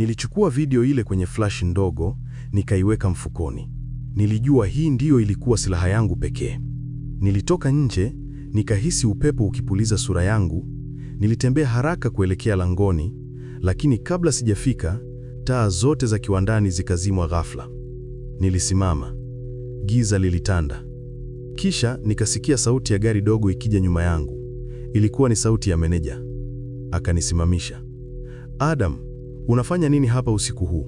Nilichukua video ile kwenye flash ndogo, nikaiweka mfukoni. Nilijua hii ndiyo ilikuwa silaha yangu pekee. Nilitoka nje, nikahisi upepo ukipuliza sura yangu. Nilitembea haraka kuelekea langoni, lakini kabla sijafika, taa zote za kiwandani zikazimwa ghafla. Nilisimama, giza lilitanda. Kisha nikasikia sauti ya gari dogo ikija nyuma yangu. Ilikuwa ni sauti ya meneja. Akanisimamisha. Adam, unafanya nini hapa usiku huu?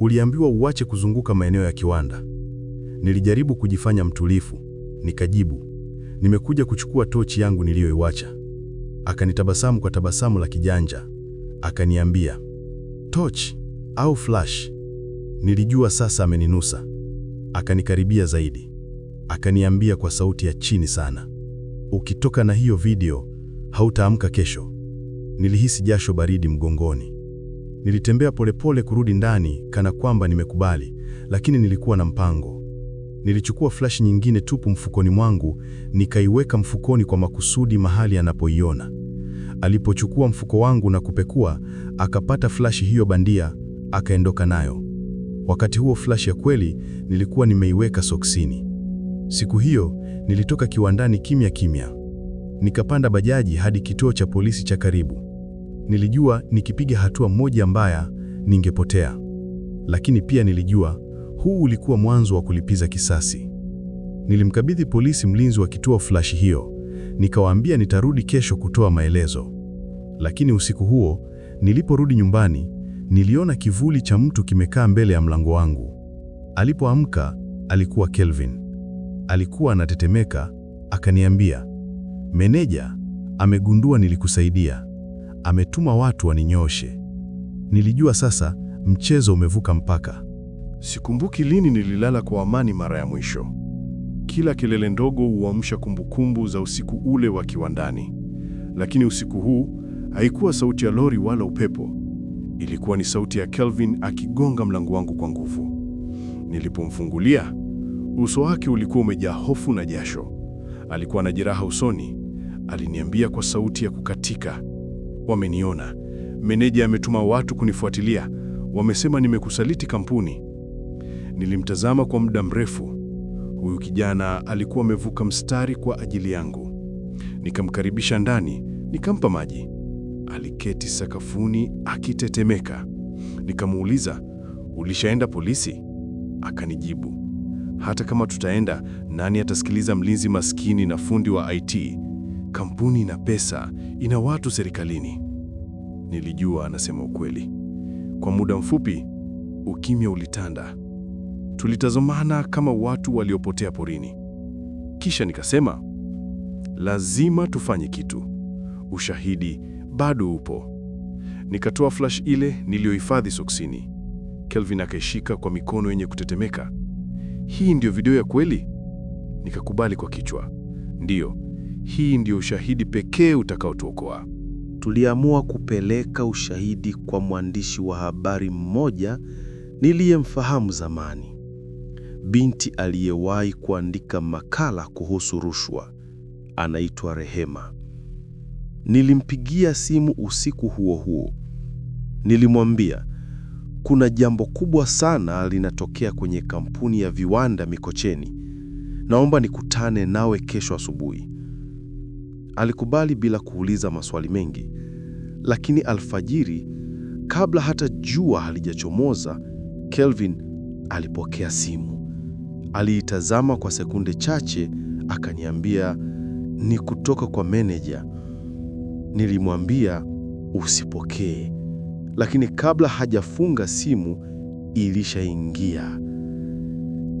Uliambiwa uache kuzunguka maeneo ya kiwanda. Nilijaribu kujifanya mtulifu nikajibu, nimekuja kuchukua tochi yangu niliyoiwacha. Akanitabasamu kwa tabasamu la kijanja, akaniambia, tochi au flash? Nilijua sasa ameninusa. Akanikaribia zaidi, akaniambia kwa sauti ya chini sana, ukitoka na hiyo video hautaamka kesho. Nilihisi jasho baridi mgongoni. Nilitembea polepole kurudi ndani kana kwamba nimekubali, lakini nilikuwa na mpango. Nilichukua flash nyingine tupu mfukoni mwangu, nikaiweka mfukoni kwa makusudi mahali anapoiona. Alipochukua mfuko wangu na kupekua, akapata flash hiyo bandia, akaendoka nayo. Wakati huo flash ya kweli nilikuwa nimeiweka soksini. Siku hiyo nilitoka kiwandani kimya kimya, nikapanda bajaji hadi kituo cha polisi cha karibu. Nilijua nikipiga hatua moja mbaya ningepotea, lakini pia nilijua huu ulikuwa mwanzo wa kulipiza kisasi. Nilimkabidhi polisi mlinzi wa kituo flashi hiyo, nikawaambia nitarudi kesho kutoa maelezo. Lakini usiku huo niliporudi nyumbani, niliona kivuli cha mtu kimekaa mbele ya mlango wangu. Alipoamka alikuwa Kelvin. Alikuwa anatetemeka, akaniambia, meneja amegundua nilikusaidia ametuma watu waninyoshe. Nilijua sasa mchezo umevuka mpaka. Sikumbuki lini nililala kwa amani mara ya mwisho. Kila kelele ndogo huamsha kumbukumbu za usiku ule wa kiwandani, lakini usiku huu haikuwa sauti ya lori wala upepo. Ilikuwa ni sauti ya Kelvin akigonga mlango wangu kwa nguvu. Nilipomfungulia, uso wake ulikuwa umejaa hofu na jasho. Alikuwa na jeraha usoni. Aliniambia kwa sauti ya kukatika, wameniona. Meneja ametuma watu kunifuatilia, wamesema nimekusaliti kampuni. Nilimtazama kwa muda mrefu. Huyu kijana alikuwa amevuka mstari kwa ajili yangu. Nikamkaribisha ndani, nikampa maji. Aliketi sakafuni akitetemeka. Nikamuuliza, ulishaenda polisi? Akanijibu, hata kama tutaenda, nani atasikiliza mlinzi maskini na fundi wa IT? kampuni na pesa ina watu serikalini. Nilijua anasema ukweli. Kwa muda mfupi ukimya ulitanda. Tulitazamana kama watu waliopotea porini. Kisha nikasema lazima tufanye kitu, ushahidi bado upo. Nikatoa flash ile niliyohifadhi soksini. Kelvin akaishika kwa mikono yenye kutetemeka. Hii ndiyo video ya kweli? Nikakubali kwa kichwa, ndiyo. Hii ndio ushahidi pekee utakaotuokoa. Tuliamua kupeleka ushahidi kwa mwandishi wa habari mmoja niliyemfahamu zamani, binti aliyewahi kuandika makala kuhusu rushwa. Anaitwa Rehema. Nilimpigia simu usiku huo huo, nilimwambia kuna jambo kubwa sana linatokea kwenye kampuni ya viwanda Mikocheni, naomba nikutane nawe kesho asubuhi. Alikubali bila kuuliza maswali mengi. Lakini alfajiri, kabla hata jua halijachomoza, Kelvin alipokea simu. Aliitazama kwa sekunde chache, akaniambia ni kutoka kwa meneja. Nilimwambia usipokee, lakini kabla hajafunga simu ilishaingia.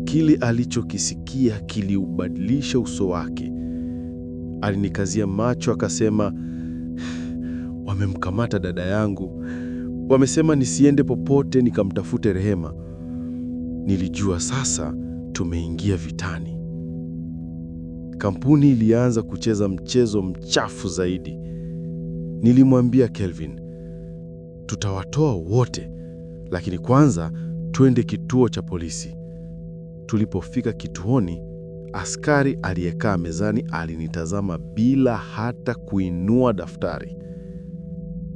Kile alichokisikia kiliubadilisha uso wake. Alinikazia macho akasema, wamemkamata dada yangu, wamesema nisiende popote nikamtafute Rehema. Nilijua sasa tumeingia vitani. Kampuni ilianza kucheza mchezo mchafu zaidi. Nilimwambia Kelvin, tutawatoa wote, lakini kwanza twende kituo cha polisi. Tulipofika kituoni, Askari aliyekaa mezani alinitazama bila hata kuinua daftari.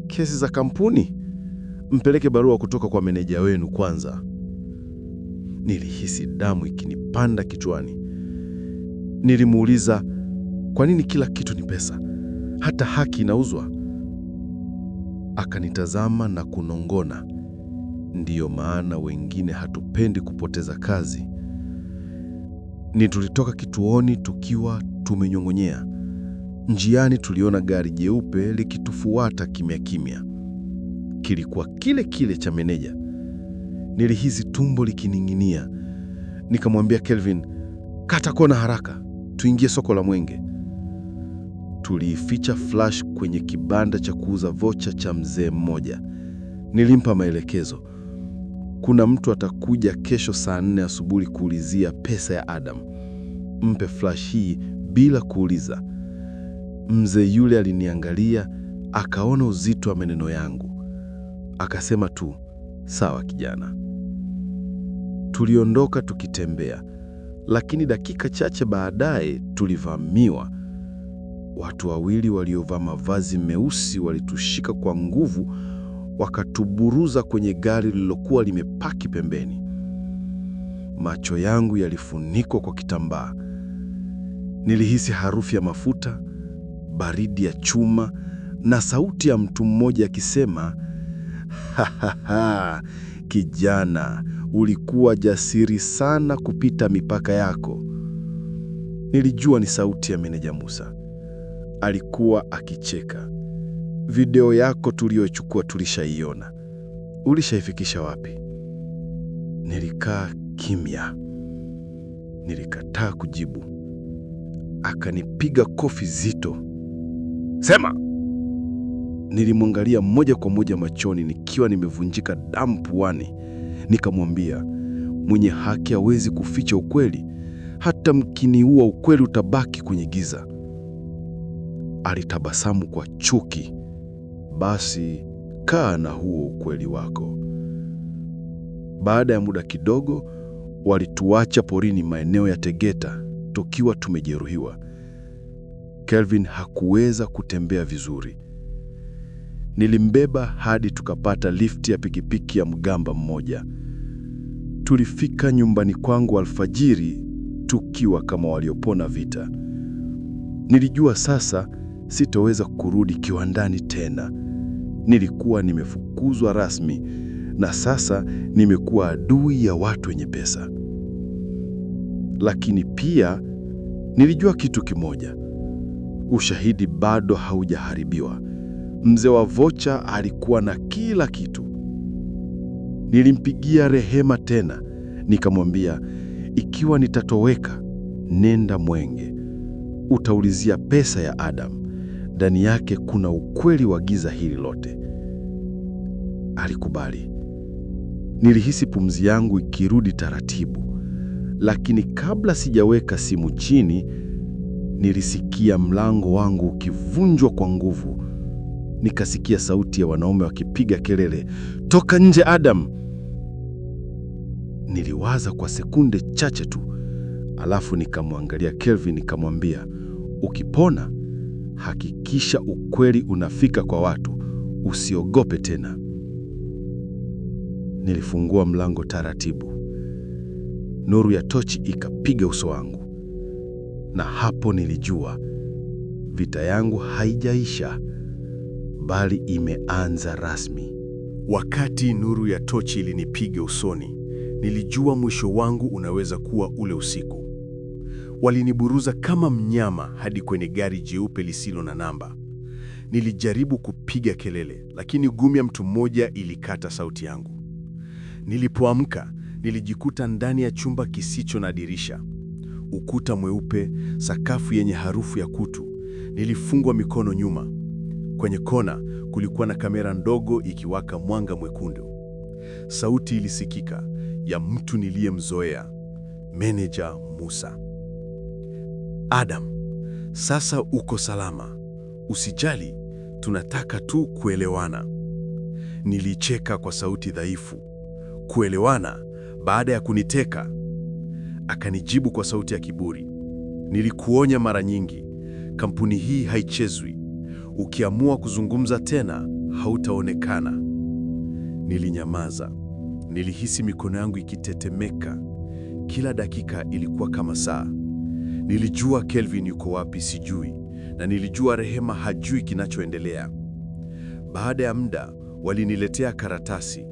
Kesi za kampuni? Mpeleke barua kutoka kwa meneja wenu kwanza. Nilihisi damu ikinipanda kichwani. Nilimuuliza, kwa nini kila kitu ni pesa? Hata haki inauzwa? Akanitazama na kunongona, ndiyo maana wengine hatupendi kupoteza kazi ni tulitoka kituoni tukiwa tumenyong'onyea. Njiani tuliona gari jeupe likitufuata kimya kimya. Kilikuwa kile kile cha meneja. Nilihisi tumbo likining'inia. Nikamwambia Kelvin, kata kona haraka, tuingie soko la Mwenge. Tuliificha flash kwenye kibanda cha kuuza vocha cha mzee mmoja. Nilimpa maelekezo kuna mtu atakuja kesho saa nne asubuhi kuulizia pesa ya Adam. Mpe flash hii bila kuuliza. Mzee yule aliniangalia akaona uzito wa maneno yangu, akasema tu sawa kijana. Tuliondoka tukitembea, lakini dakika chache baadaye tulivamiwa. Watu wawili waliovaa mavazi meusi walitushika kwa nguvu wakatuburuza kwenye gari lililokuwa limepaki pembeni. Macho yangu yalifunikwa kwa kitambaa. Nilihisi harufu ya mafuta, baridi ya chuma na sauti ya mtu mmoja akisema, ha ha ha, kijana, ulikuwa jasiri sana kupita mipaka yako. Nilijua ni sauti ya meneja Musa. Alikuwa akicheka video yako tuliyochukua tulishaiona, ulishaifikisha wapi? Nilikaa kimya, nilikataa kujibu. Akanipiga kofi zito, sema. Nilimwangalia moja kwa moja machoni, nikiwa nimevunjika damu puani, nikamwambia, mwenye haki hawezi kuficha ukweli, hata mkiniua ukweli utabaki kwenye giza. Alitabasamu kwa chuki basi kaa na huo ukweli wako. Baada ya muda kidogo, walituacha porini maeneo ya Tegeta tukiwa tumejeruhiwa. Kelvin hakuweza kutembea vizuri. Nilimbeba hadi tukapata lifti ya pikipiki ya mgamba mmoja. Tulifika nyumbani kwangu alfajiri tukiwa kama waliopona vita. Nilijua sasa sitoweza kurudi kiwandani tena nilikuwa nimefukuzwa rasmi na sasa nimekuwa adui ya watu wenye pesa. Lakini pia nilijua kitu kimoja, ushahidi bado haujaharibiwa. Mzee wa vocha alikuwa na kila kitu. Nilimpigia Rehema tena nikamwambia, ikiwa nitatoweka, nenda Mwenge, utaulizia pesa ya Adam ndani yake kuna ukweli wa giza hili lote. Alikubali. Nilihisi pumzi yangu ikirudi taratibu, lakini kabla sijaweka simu chini, nilisikia mlango wangu ukivunjwa kwa nguvu. Nikasikia sauti ya wanaume wakipiga kelele, toka nje Adam! Niliwaza kwa sekunde chache tu, alafu nikamwangalia Kelvin, nikamwambia ukipona hakikisha ukweli unafika kwa watu. Usiogope tena. Nilifungua mlango taratibu, nuru ya tochi ikapiga uso wangu, na hapo nilijua vita yangu haijaisha, bali imeanza rasmi. Wakati nuru ya tochi ilinipiga usoni, nilijua mwisho wangu unaweza kuwa ule usiku. Waliniburuza kama mnyama hadi kwenye gari jeupe lisilo na namba. Nilijaribu kupiga kelele, lakini gumi ya mtu mmoja ilikata sauti yangu. Nilipoamka nilijikuta ndani ya chumba kisicho na dirisha, ukuta mweupe, sakafu yenye harufu ya kutu. Nilifungwa mikono nyuma. Kwenye kona kulikuwa na kamera ndogo ikiwaka mwanga mwekundu. Sauti ilisikika ya mtu niliyemzoea, meneja Musa. Adam, sasa uko salama, usijali, tunataka tu kuelewana. Nilicheka kwa sauti dhaifu. Kuelewana baada ya kuniteka? Akanijibu kwa sauti ya kiburi, nilikuonya mara nyingi, kampuni hii haichezwi. Ukiamua kuzungumza tena, hautaonekana. Nilinyamaza, nilihisi mikono yangu ikitetemeka. Kila dakika ilikuwa kama saa. Nilijua Kelvin yuko wapi sijui, na nilijua Rehema hajui kinachoendelea. Baada ya muda waliniletea karatasi.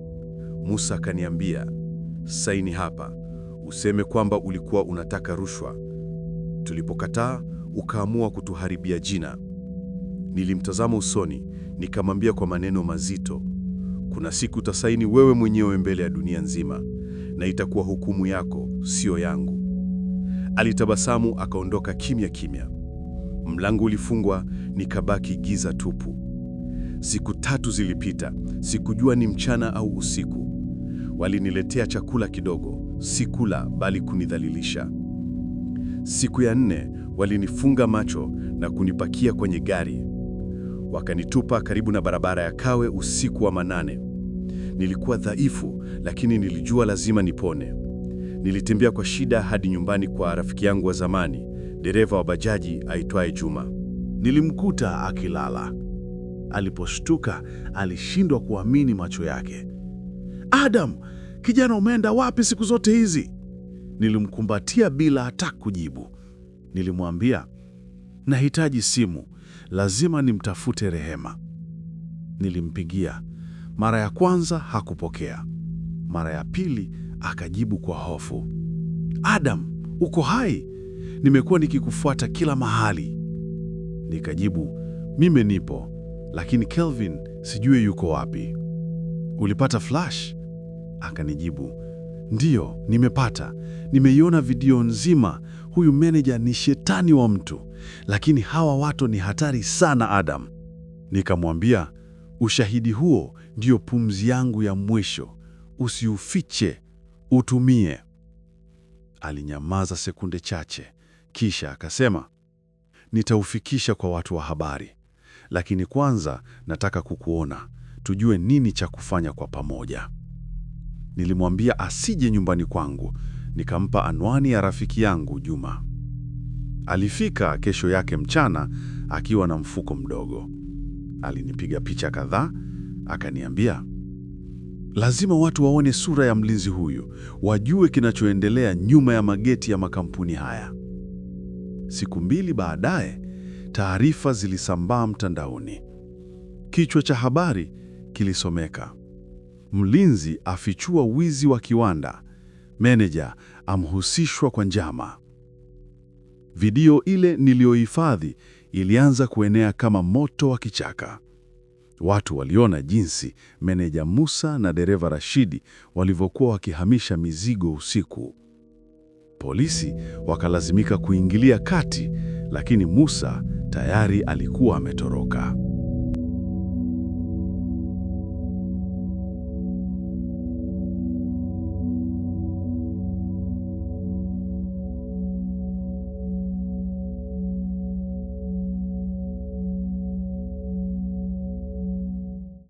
Musa akaniambia, saini hapa, useme kwamba ulikuwa unataka rushwa. Tulipokataa ukaamua kutuharibia jina. Nilimtazama usoni, nikamwambia kwa maneno mazito, kuna siku utasaini wewe mwenyewe mbele ya dunia nzima, na itakuwa hukumu yako, sio yangu. Alitabasamu akaondoka kimya kimya. Mlango ulifungwa, nikabaki giza tupu. Siku tatu zilipita, sikujua ni mchana au usiku. Waliniletea chakula kidogo, sikula bali kunidhalilisha. Siku ya nne walinifunga macho na kunipakia kwenye gari, wakanitupa karibu na barabara ya Kawe usiku wa manane. Nilikuwa dhaifu, lakini nilijua lazima nipone nilitembea kwa shida hadi nyumbani kwa rafiki yangu wa zamani, dereva wa bajaji aitwaye Juma. Nilimkuta akilala. Aliposhtuka alishindwa kuamini macho yake. Adam, kijana, umeenda wapi siku zote hizi? Nilimkumbatia bila hata kujibu. Nilimwambia nahitaji simu, lazima nimtafute Rehema. Nilimpigia mara ya kwanza hakupokea, mara ya pili Akajibu kwa hofu, Adam, uko hai? Nimekuwa nikikufuata kila mahali. Nikajibu, mimi nipo, lakini Kelvin sijui yuko wapi. Ulipata flash? Akanijibu, ndiyo, nimepata. Nimeiona video nzima. Huyu meneja ni shetani wa mtu, lakini hawa watu ni hatari sana, Adam. Nikamwambia, ushahidi huo ndiyo pumzi yangu ya mwisho, usiufiche utumie. Alinyamaza sekunde chache, kisha akasema, nitaufikisha kwa watu wa habari, lakini kwanza nataka kukuona, tujue nini cha kufanya kwa pamoja. Nilimwambia asije nyumbani kwangu, nikampa anwani ya rafiki yangu Juma. Alifika kesho yake mchana akiwa na mfuko mdogo. Alinipiga picha kadhaa, akaniambia Lazima watu waone sura ya mlinzi huyu, wajue kinachoendelea nyuma ya mageti ya makampuni haya. Siku mbili baadaye, taarifa zilisambaa mtandaoni. Kichwa cha habari kilisomeka: mlinzi afichua wizi wa kiwanda, meneja amhusishwa kwa njama. Video ile niliyohifadhi ilianza kuenea kama moto wa kichaka. Watu waliona jinsi meneja Musa na dereva Rashidi walivyokuwa wakihamisha mizigo usiku. Polisi wakalazimika kuingilia kati, lakini Musa tayari alikuwa ametoroka.